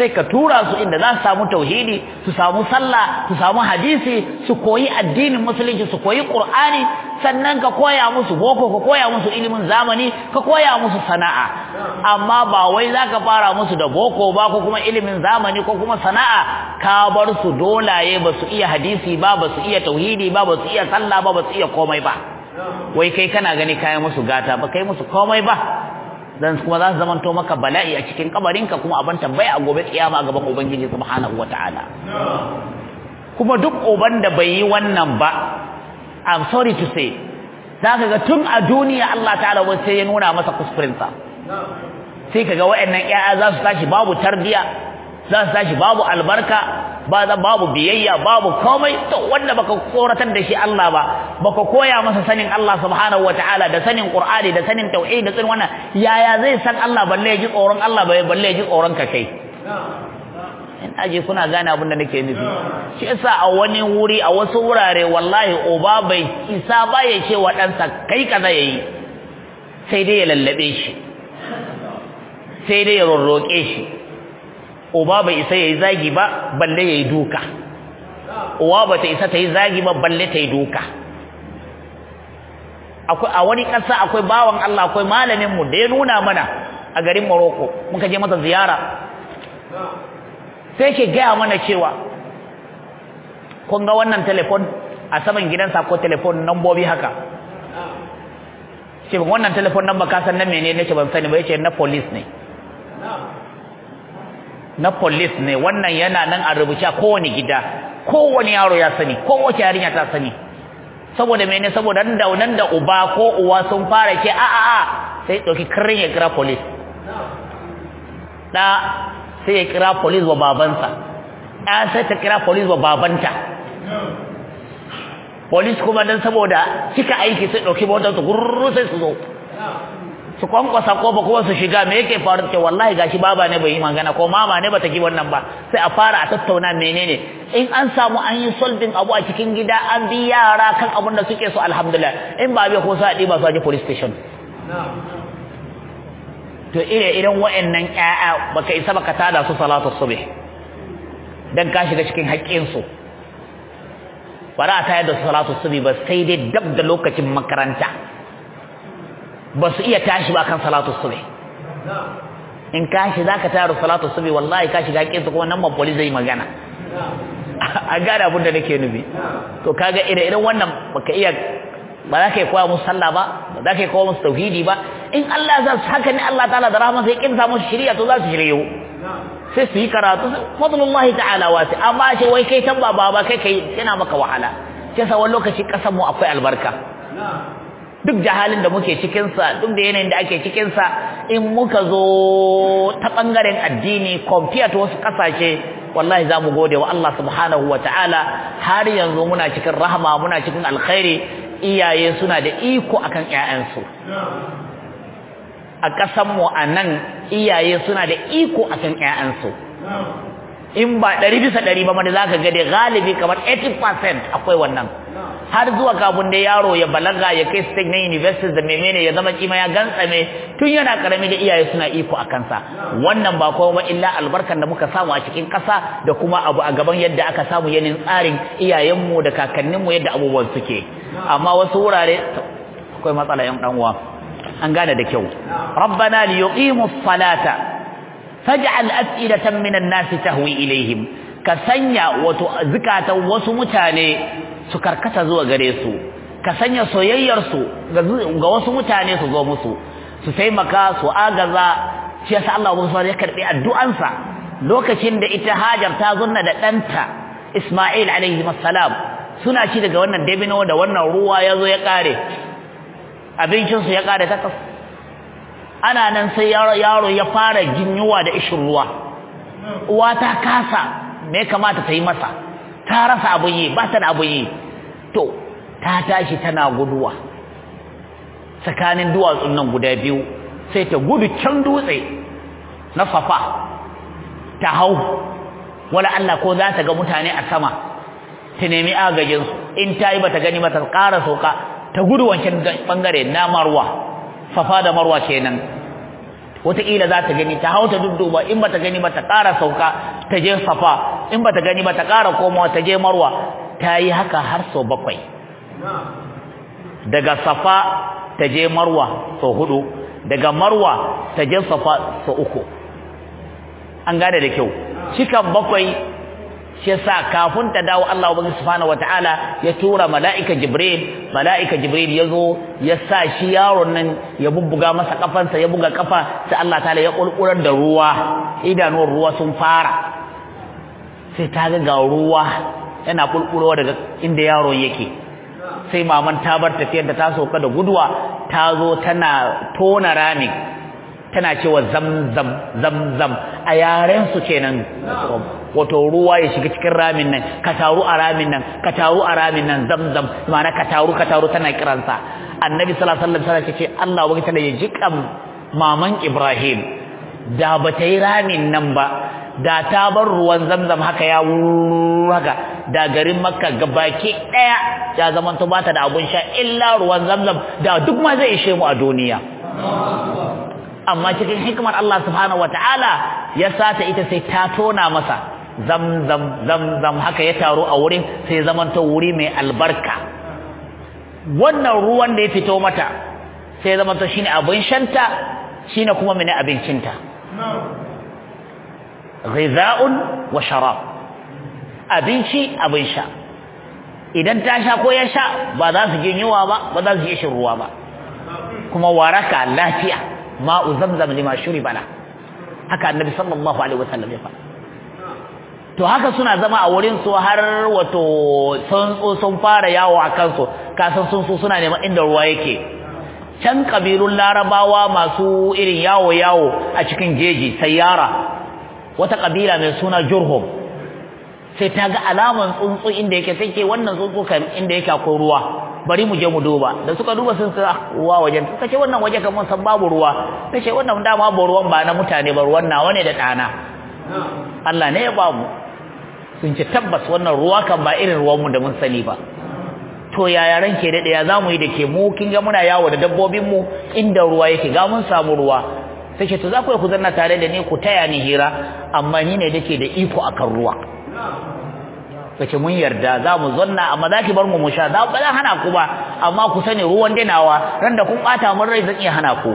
sai ka tura su inda za su samu tauhidi su samu sallah su samu hadisi su koyi addinin musulunci su koyi qur'ani sannan ka koya musu boko ka koya musu ilimin zamani ka koya musu sana'a amma ba wai za ka fara musu da boko ba ko kuma ilimin zamani ko kuma sana'a ka bar su dolaye ba su iya hadisi ba ba su iya tauhidi ba ba su iya sallah ba ba su iya komai ba wai kai kana gani kayan musu gata ba kai musu komai ba dan kuma za su zamanto maka bala'i a cikin kabarinka kuma abin tambaya a gobe kiyama a gaban ubangiji subhanahu wataala kuma duk uban da bai yi wannan ba i'm sorry to say zaka ga tun a duniya Allah ta'ala wai sai ya nuna masa sa sai kaga wa'annan ƴaƴa za su tashi babu tarbiya za su tashi babu albarka ba babu biyayya babu komai to wanda baka koratar da shi Allah ba baka koya masa sanin Allah subhanahu wataala da sanin Qur'ani da sanin tauhid da sanin wannan yaya zai san Allah balle ji tsoron Allah balle ya ji tsoron ka kai in aje kuna gane abin da nake nufi shi yasa a wani wuri a wasu wurare wallahi oba bai isa ba ya ce wa ɗansa kai kaza yayi sai dai ya lallabe shi sai dai ya rorroke shi uba bai isa yayi zagi ba balle yayi duka uwa bata isa ta yi zagi ba balle ta yi duka akwai a wani ƙasa akwai bawan Allah akwai malaminmu da ya nuna mana a garin Morocco muka je masa ziyara sai ke gaya mana cewa kun ga wannan telefon a saman gidansa ko telefon bobi haka ce wannan telefon nan ba ka san na ne ce ban sani ba yace na police ne na police ne wannan yana nan a rubuce a kowane gida kowane yaro ya sani kowace yarinya ta sani saboda mene saboda nan da nan da uba ko uwa sun fara ce a a a sai doki kirin ya kira police da sai ya kira police wa babansa ɗa sai ta kira police wa babanta police kuma dan saboda cika aiki sai doki motar su gurru sai su zo su kwankwasa kofa kuma su shiga me yake faru ce wallahi gashi baba ne bai yi magana ko mama ne bata ki wannan ba sai a fara a tattauna menene in an samu an yi solving abu a cikin gida an bi yara kan abun da suke so alhamdulillah in ba bai ko sai a diba su aje police station to ire iren wayannan ƴaƴa baka isa baka tada su salatu subh dan ka shiga cikin haƙƙin su bara ta yadda salatu subh ba sai dai dab da lokacin makaranta ba su iya tashi ba kan salatu subhi in kashi za zaka tara salatu subhi wallahi ka shiga kinsa kuma nan mabuli zai magana a gane abin da nake nubi to kaga ire irin wannan baka iya ba za ka yi koya musu sallah ba ba za ka yi koya musu tauhidi ba in Allah za su haka ne Allah ta'ala da rahama sai kinsa musu shirya to za su shirya yau sai su yi karatu fadlullahi ta'ala wasi amma ce wai kai tan baba ba kai kai yana maka wahala sai sa wani lokaci kasan mu akwai albarka duk da halin da muke cikinsa duk da yanayin da ake cikinsa in muka zo ta ɓangaren addini compared to wasu ƙasashe wallahi za mu gode wa Allah subhanahu wa ta'ala har yanzu muna cikin rahama muna cikin alkhairi iyaye suna da iko akan ‘ya'yansu a ƙasanmu a nan iyaye suna da iko akan ‘ya'yansu in ba ɗari bisa ɗari ba ma da za ka gade galibi kamar 80% akwai wannan har zuwa kafin da yaro ya balaga ya kai su na university da menene ya zama kima ya gantsame tun yana karami da iyaye suna iko a kansa wannan ba kuma ba illa albarkan da muka samu a cikin kasa da kuma abu a gaban yadda aka samu yanin tsarin iyayenmu da kakanninmu yadda abubuwan suke amma wasu wurare akwai matsala yan dan uwa an gane da kyau rabbana liyuqimus salata faj'al as'ilatan minan nasi tahwi ilaihim ka sanya wato zikatan wasu mutane su karkata zuwa gare su ka sanya soyayyar su ga wasu mutane su zo musu su taimaka su agaza shi yasa Allah subhanahu ya karbi sa. lokacin da ita Hajar ta zunna da danta Isma'il alaihi salam suna ci daga wannan dabino da wannan ruwa yazo ya kare abincin su ya kare ta ana nan sai yaro ya fara jinyuwa da ishin ruwa uwa ta kasa me kamata ta yi masa ta rasa abun yi ba ta da abun yi to ta tashi tana guduwa tsakanin duwatsun nan guda biyu sai ta gudu can dutse na safa ta hau wala Allah ko za ta ga mutane a sama ta nemi agajinsu in ta yi ba ta gani ba ta ƙara sauka ta gudu wancan bangare na marwa safa da marwa kenan wataƙila za ta gani ta hau ta dudduba in ba ta gani ba ta ƙara sauka ta je safa in ba ta gani ba ta ƙara komawa ta je marwa ta yi haka har sau bakwai daga safa ta je marwa sau hudu daga marwa ta je safa sau uku an gane da kyau cikan bakwai shi yasa kafin ta dawo Allah subhanahu wataala ya tura mala'ika jibril mala'ika jibril yazo ya sa shi yaron nan ya bubbuga masa kafansa ya buga kafa sai Allah ta'ala ya kulkurar da ruwa idanuwar ruwa sun fara sai ta ga ruwa yana kulkurowa daga inda yaron yake sai maman ta bar tafiyar da ta sauka da guduwa ta zo tana tona rami tana cewa zamzam zamzam a yarensu kenan wato ruwa ya shiga cikin ramin nan ka taru a ramin nan ka taru a ramin nan zamzam ma'ana ka taru ka taru tana kiransa annabi sallallahu alaihi wasallam ce Allah wa ta'ala ya jikan maman Ibrahim da bata yi ramin nan ba da ta bar ruwan zamzam haka ya haka da garin makka ga baki daya ya zaman to bata da abun sha illa ruwan zamzam da duk ma zai ishe mu a duniya amma cikin hikimar Allah subhanahu wataala ya sata ita sai ta tona masa zam zam zam zam haka ya taro a wurin sai zamanto wuri mai albarka wannan ruwan da ya fito mata sai zamanto shine abin shanta shine kuma mene abincinta ghiza'un wa sharab abinci abin sha idan ta sha ko ya sha ba za su jin yunwa ba ba za su ji shin ruwa ba kuma waraka lafiya ma'u zamzam lima bala haka annabi sallallahu alaihi wasallam ya faɗa to haka suna zama a wurin su har wato sun sun fara yawo a kansu kasan sun su suna neman inda ruwa yake can kabilun larabawa masu irin yawo yawo a cikin jeji sayyara wata kabila mai suna jurhum sai ta ga alaman tsuntsu inda yake sai ke wannan tsuntsu kan inda yake akwai ruwa bari mu je mu duba da suka duba sun sa wa wajen suka ce wannan waje kan san babu ruwa tace wannan dama ba ruwan ba na mutane ba ruwan nawa ne da dana Allah ne ya bamu sun ce tabbas wannan ruwa kan ba irin ruwan mu da mun sani ba to ya yaran ke dade ya zamu yi da ke mu kin ga muna yawo da dabbobin mu inda ruwa yake ga mun samu ruwa sai ce to za ku ku zanna tare da ni ku taya ni hira amma ni ne dake da iko akan ruwa kace mun yarda za mu zanna amma za ki bar mu mu sha za ba zan hana ku ba amma ku sani ruwan dinawa ran da kun bata mun rai zan iya hana ku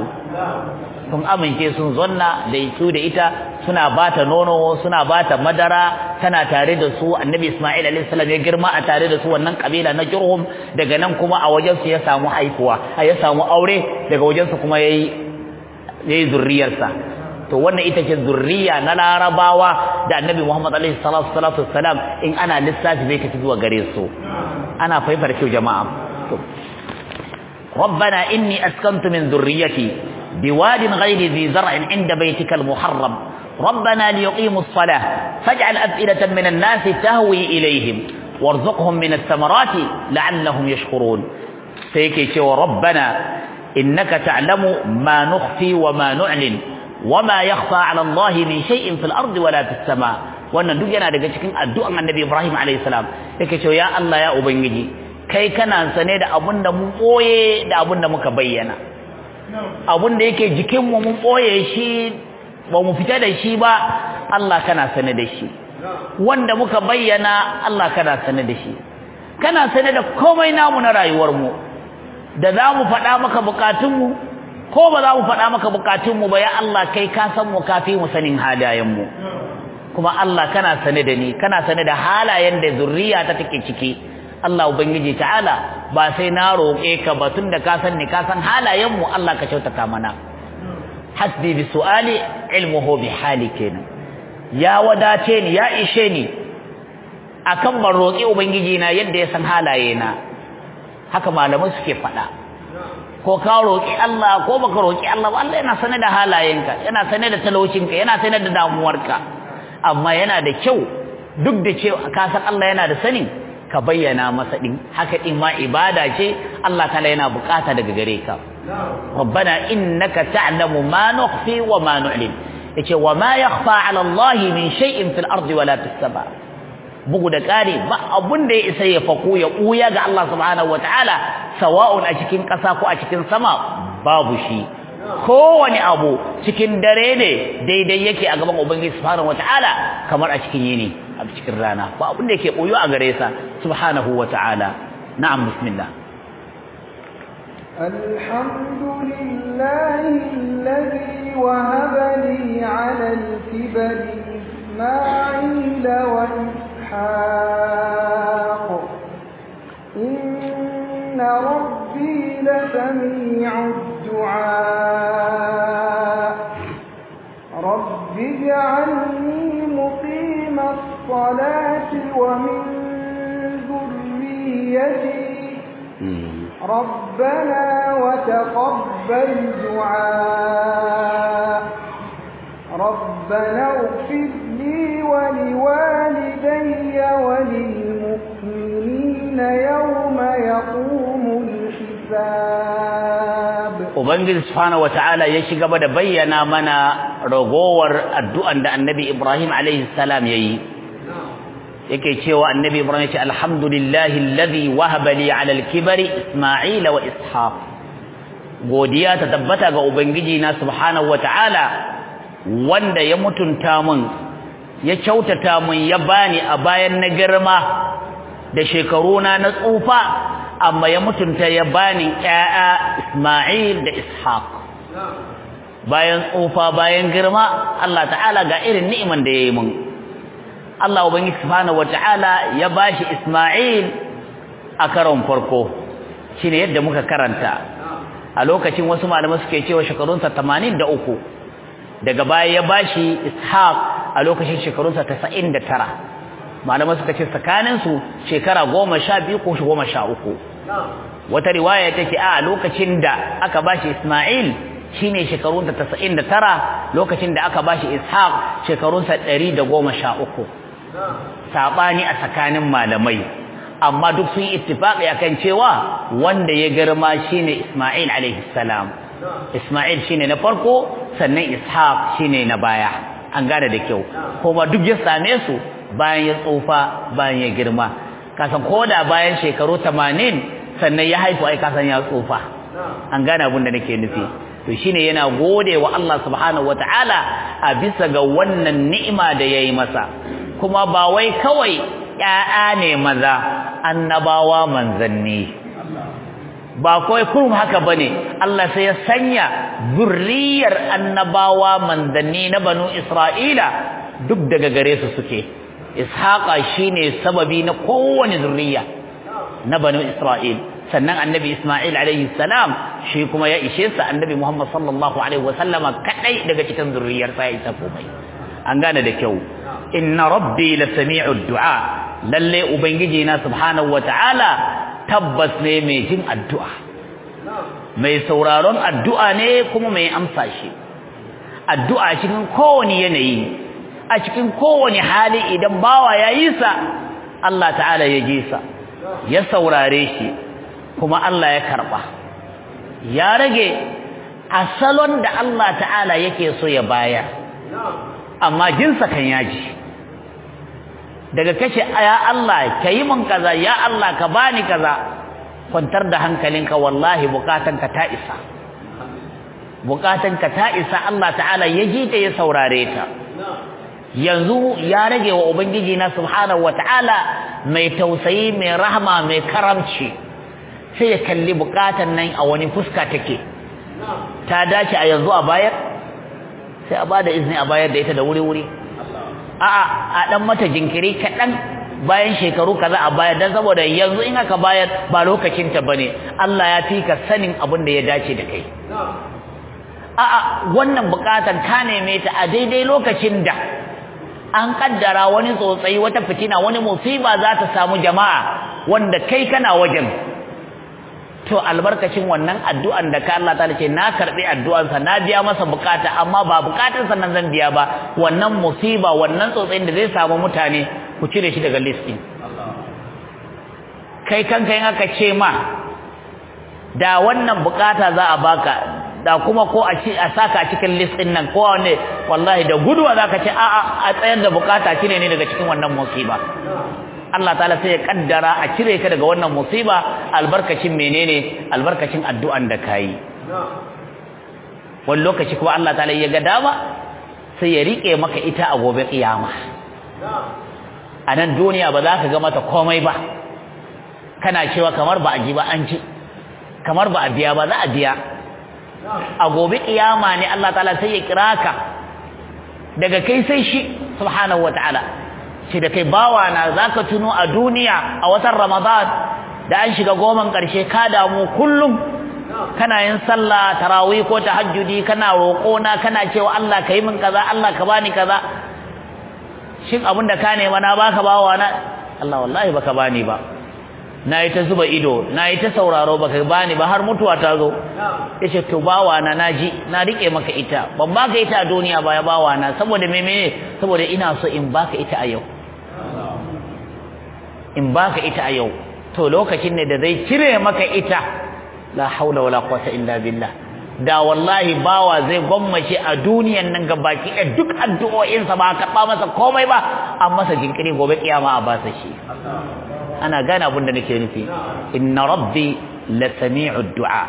sun amince sun zanna da su da ita suna bata nono suna bata madara tana tare da su annabi Isma'il alayhi salam ya girma a tare da su wannan kabila na Jurhum daga nan kuma a wajen su ya samu haihuwa ya samu aure daga wajen su kuma yayi yayi zurriyarsa to wannan ita ce zurriya na larabawa da annabi Muhammad sallallahu alaihi salatu wassalam in ana lissafi bai tafi zuwa gare su ana faifar kyau jama'a rabbana inni askantu min zurriyati بواد غير ذي زرع عند بيتك المحرم ربنا ليقيموا الصلاة فاجعل أفئدة من الناس تهوي إليهم وارزقهم من الثمرات لعلهم يشكرون فيكي وربنا إنك تعلم ما نخفي وما نعلن wama yakhfa ala Allah min shay'in fil ardi wala fis sama wannan duk yana daga cikin addu'an Annabi Ibrahim alayhi salam yake cewa ya Allah ya ubangiji kai kana sane da abun da mu boye da abun da muka bayyana abun da yake jikin mu mun shi ba mu fita da shi ba Allah kana sane da shi wanda muka bayyana Allah kana sane da shi kana sane da komai namu na rayuwar mu da za mu faɗa maka bukatunmu ko ba za mu faɗa maka bukatunmu ba ya Allah kai ka san mu kafi mu sanin halayenmu kuma Allah kana sane da ni kana sane da halayen da zuriya ta take ciki Allah ubangiji ta'ala ba sai na roƙe ka ba da ka san ni ka san halayenmu Allah ka kyautata mana hasbi bi su'ali ilmuhu bi hali ya wadace ni ya ishe ni akan ban roƙi ubangiji na yadda ya san halaye na haka malamai suke faɗa ko ka roƙi Allah ko baka roƙi Allah ba Allah yana sane da halayenka yana sane da talaucinka yana sane da damuwarka amma yana da kyau duk da cewa ka san Allah yana da sanin ka bayyana masa din haka din ma ibada ce Allah ta'ala yana bukata daga gare ka rabbana innaka ta'lamu ma nukhfi wa ma nu'lin yace wa ma yakhfa 'ala Allah min shay'in fil ardi wala fis sama' bugu da ƙari ba abun da ya isa ya faku ya ɓuya ga Allah subhanahu wataala sawa'un a cikin ƙasa ko a cikin sama babu shi kowane abu cikin dare ne daidai yake a gaban ubangiji subhanahu wataala kamar a cikin yini a cikin rana ba abun da yake boyo a gare sa subhanahu wataala na'am bismillah alhamdulillahi alladhi wahaba li 'ala al-kibri ma'ila إسحاق إن ربي لسميع الدعاء رب اجعلني مقيم الصلاة ومن ذريتي ربنا وتقبل دعاء ربنا اغفر لي ولوالدي وللمؤمنين يوم يقوم الحساب wa ta’ala ya shiga قبل bayyana mana ragowar addu’an da annabi ibrahim عليه السلام يي yake cewa annabi ibrahim yace alhamdulillahi alladhi wahaba li ala al-kibari isma'ila wa ishaq godiya ta tabbata ga ubangiji na subhanahu ta’ala wanda ya mutunta mun ya kyautata mun ya bani a bayan na girma da shekaruna na tsufa amma ya mutunta ya bani ƴaƴa Isma'il da Ishaq bayan tsufa bayan girma Allah ta'ala ga irin ni'iman da yayi mun Allah ubangiji subhanahu wata'ala ya bashi Isma'il a karon farko shine yadda muka karanta a lokacin wasu malamai suke cewa shekarunsa 83 daga baya ya bashi Ishaq a lokacin shekarunsa tasa'in da tara malamai suka ce tsakaninsu shekara goma sha biyu ko goma sha uku wata riwaya take a lokacin da aka bashi ismail shine shekarunsa tasa'in da tara lokacin da aka bashi ishaq shekarunsa ɗari da goma sha uku saɓani a tsakanin malamai amma duk sun yi ittifaƙi akan cewa wanda ya girma shine ismail alaihi salam ismail shine na farko sannan ishaq shine na baya an gane da kyau kuma duk ya same su bayan ya tsufa bayan ya girma kasan koda bayan shekaru 80 sannan ya haifu ai kasan ya tsufa an gane abin da nake nufi to shine yana gode wa Allah subhanahu wataala a bisa ga wannan ni'ima da yayi masa kuma ba wai kawai ya'a ne maza annabawa manzanni ba kawai kurum haka bane Allah sai ya sanya zurriyar annabawa manzanni na banu Isra'ila duk daga gare su suke ishaqa shine sababi na kowane zurriya na banu Isra'il sannan annabi Isma'il alaihi salam shi kuma ya ishe sa annabi Muhammad sallallahu alaihi wasallama kadai daga cikin zurriyar sa ya isa komai an gane da kyau inna rabbi lasami'ud du'a lalle ubangiji na subhanahu ta'ala. tabbas ne mai jin addu'a mai sauraron addu'a ne kuma mai amsa shi addu'a cikin kowane yanayi a cikin kowane hali idan bawa ya yi sa Allah ta'ala ya je sa ya saurare shi kuma Allah ya karɓa ya rage asalon da Allah ta'ala yake so ya bayar amma jinsa kan yaji daga kashe ya Allah ka yi mun kaza ya Allah ka bani kaza kwantar da hankalinka wallahi bukatanka ta isa bukatanka ta isa Allah ta'ala ya ji ta ya saurare ta yanzu ya rage wa ubangiji na subhanahu wata'ala mai tausayi mai rahama mai karamci sai ya kalli bukatan nan a wani fuska take ta dace a yanzu a bayar sai a bada izini a bayar da ita da wuri-wuri a'a a dan mata jinkiri kaɗan bayan shekaru kaza a bayar dan saboda yanzu in aka bayar ba lokacin ta bane Allah ya fika sanin abin da ya dace da kai a'a wannan bukatar ka neme ta a daidai lokacin da an kaddara wani tsotsai wata fitina wani musiba za ta samu jama'a wanda kai kana wajen to albarkacin wannan addu'an da ka Allah ta ce na karbi sa na biya masa bukata amma ba bukatun sannan zan biya ba wannan musiba wannan tsotsin da zai samu mutane ku cire shi daga din kai kanka in aka ce ma da wannan bukata za a baka da kuma ko a ci a saka cikin list din nan ko wanne wallahi da guduwa ka ce a a a tsayar da bukata shine ne daga cikin wannan musiba Allah ta'ala sai ya kaddara a cire ka daga wannan musiba albarkacin menene albarkacin addu'an da kai wani lokaci kuma Allah ta'ala ya ga dama sai ya rike maka ita a gobe kiyama a nan duniya ba za ka ga mata komai ba kana cewa kamar ba a ji ba an ji kamar ba a biya ba za a biya a gobe kiyama ne Allah ta'ala sai ya kira ka daga kai sai shi subhanahu wataala sai da kai bawa na zaka tuno a duniya a watan ramadan da an shiga goman karshe ka damu kullum kana yin sallah tarawih ko tahajjudi kana roko na kana cewa Allah kai min kaza Allah ka bani kaza shin abin da ka nema na baka bawa na Allah wallahi baka bani ba nayi ta zuba ido nayi ta sauraro baka bani ba har mutuwa ta zo yace to bawa na naji na rike maka ita ban baka ita a duniya ba ya bawa na saboda me saboda ina so in baka ita a yau in baka ita a yau to lokacin ne da zai cire maka ita la haula wala quwwata illa billah da wallahi bawa zai gwammace a duniyan nan baki a duk addu'o'insa ba ka ba masa komai ba an masa jinkiri gobe kiyama a basa shi ana gane abin da nake nufi inna rabbi la sami'u du'a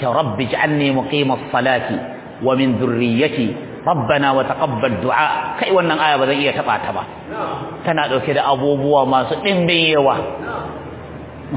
ya rabbi ij'alni muqima as-salati wa min dhurriyyati rabbana wa taqabbal du'a kai wannan aya ba zan iya taba ta ba tana dauke da abubuwa masu dimbin yawa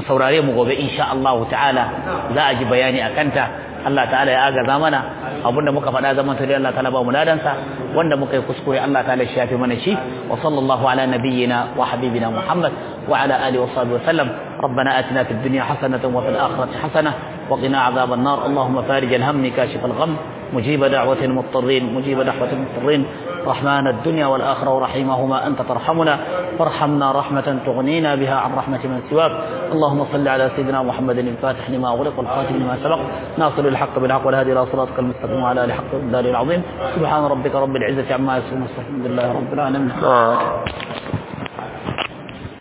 mu saurare mu gobe insha Allah ta'ala za a ji bayani akan ta Allah ta'ala ya agaza mana abinda muka faɗa zaman tare Allah ta'ala ba mu ladansa wanda muka yi kuskure Allah ta'ala shi yafi mana shi wa sallallahu ala nabiyyina wa habibina Muhammad wa ala alihi wa sahbihi wa sallam ربنا آتنا في الدنيا حسنة وفي الآخرة حسنة وقنا عذاب النار اللهم فارج الهم كاشف الغم مجيب دعوة المضطرين مجيب دعوة المضطرين رحمن الدنيا والآخرة ورحيمهما أنت ترحمنا فارحمنا رحمة تغنينا بها عن رحمة من سواك اللهم صل على سيدنا محمد الفاتح لما أغلق والخاتم لما سبق ناصر الحق بالحق والهادي إلى صراطك المستقيم وعلى آل حق الدار العظيم سبحان ربك رب العزة عما يصفون الحمد لله رب العالمين آه.